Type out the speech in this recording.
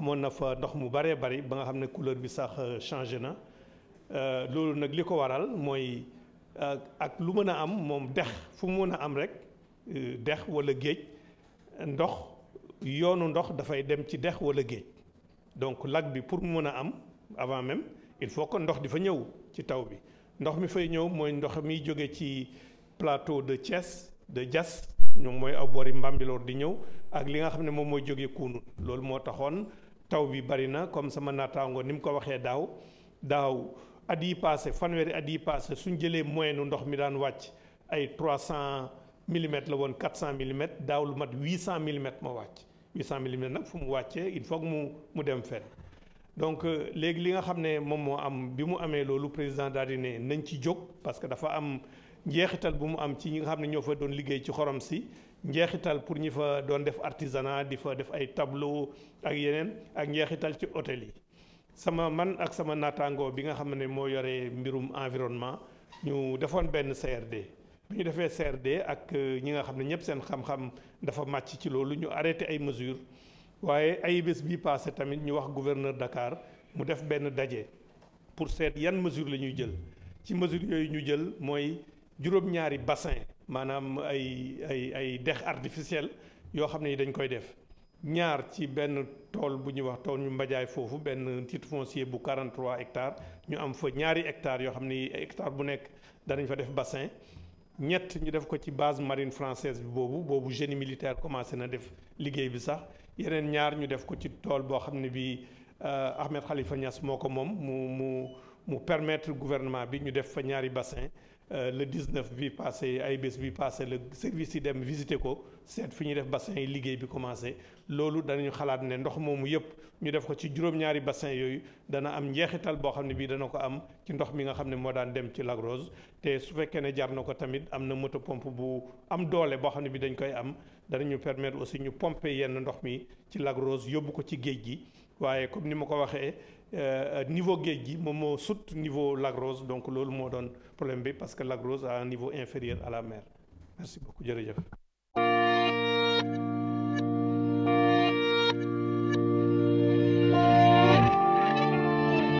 amoon na fa ndox mu bëree bari ba nga xam ne couleur bi sax euh, changé na euh, loolu nag li ko waral mooy euh, ak lu mën a am moom dex fu mu mën a am rek dex wala géej ndox yoonu ndox dafay dem ci dex walla géej donc lac bi pour mu mën a am avant même il faut que ndox di fa ñëw ci taw bi ndox mi fay ñëw mooy ndox miy jóge ci plateau de Thiès de jas ñoom mooy aw boori Mbambilor di ñëw ak li nga xam ne moom mooy jóge Kounoune loolu moo taxoon taw bi bari na comme sama naataango ni mu ko waxee daaw daaw at yi passé fanweeri at yi passé suñ jëlee moyenne ndox mi daan wàcc ay 300 millimètres la woon 400 millimètres daaw lu mat 800 millimètres moo wàcc 800 millimètres nag fu mu wàccee il faut mu mu dem fenn. donc euh, léegi li nga xam ne moom moo am bi mu amee loolu président daal di ne nañ ci jóg parce dafa am. njeexital bu mu am ci ñi nga xam ne ñoo fa doon liggéey ci xorom si njeexital pour ñi fa doon def artisanat di fa def ay tableau ak yeneen ak njeexital ci hôtel yi sama man ak sama naataangoo bi nga xam ne moo yore mbirum environnement ñu defoon benn CRD bu ñu defee CRD ak euh, ñi nga xam ne ñëpp seen xam-xam dafa màcc ci loolu ñu arrêté ay mesures waaye ay bés bii passé tamit ñu wax gouverneur Dakar mu def benn daje pour seet yan mesures la ñuy jël ci mesures yooyu ñu jël mooy. juróom-ñaari bassin maanaam ay ay ay dex artificiel yoo xam ne yi dañ koy def ñaar ci benn tool bu ñuy wax tool ñu mbajaay foofu benn tiit foncier bu 43 hectares ñu am fa ñaari hectares yoo xam ne hectare bu nekk danañ fa def bassin ñett ñu def ko ci base marine française bi boobu boobu génie militaire commencé na def liggéey bi sax yeneen ñaar ñu def ko ci tool boo xam ne bi euh, Ahmed xalifa Niass moo ko moom mu mu mu permettre gouvernement bi ñu def fa ñaari bassin euh, le 19 bi passé ay bés bi passé le service yi dem visiter ko seet fi ñu def bassin yi liggéey bi commencé loolu danañu xalaat ne ndox moomu yëpp ñu def ko ci juróom-ñaari bassin yooyu dana am njeexital boo xam ne bii dana ko am ci ndox mi nga xam ne moo daan dem ci Lac Rose te su fekkee ne jar na ko tamit am na moto pompe bu am doole boo xam ne bi dañ koy am danañu permettre aussi ñu pompe yenn ndox mi ci Lac yóbbu ko ci géej gi waaye comme ni ma ko waxee Euh, euh, niveau géej gi moom moo sut niveau Lac Rose donc loolu moo doon problème bi parce que lagros Rose a un niveau inférieur à la mer merci beaucoup